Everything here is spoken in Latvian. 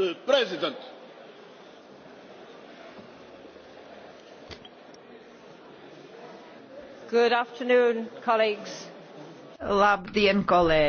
the president. Good afternoon, colleagues. Labdien, kolēģi!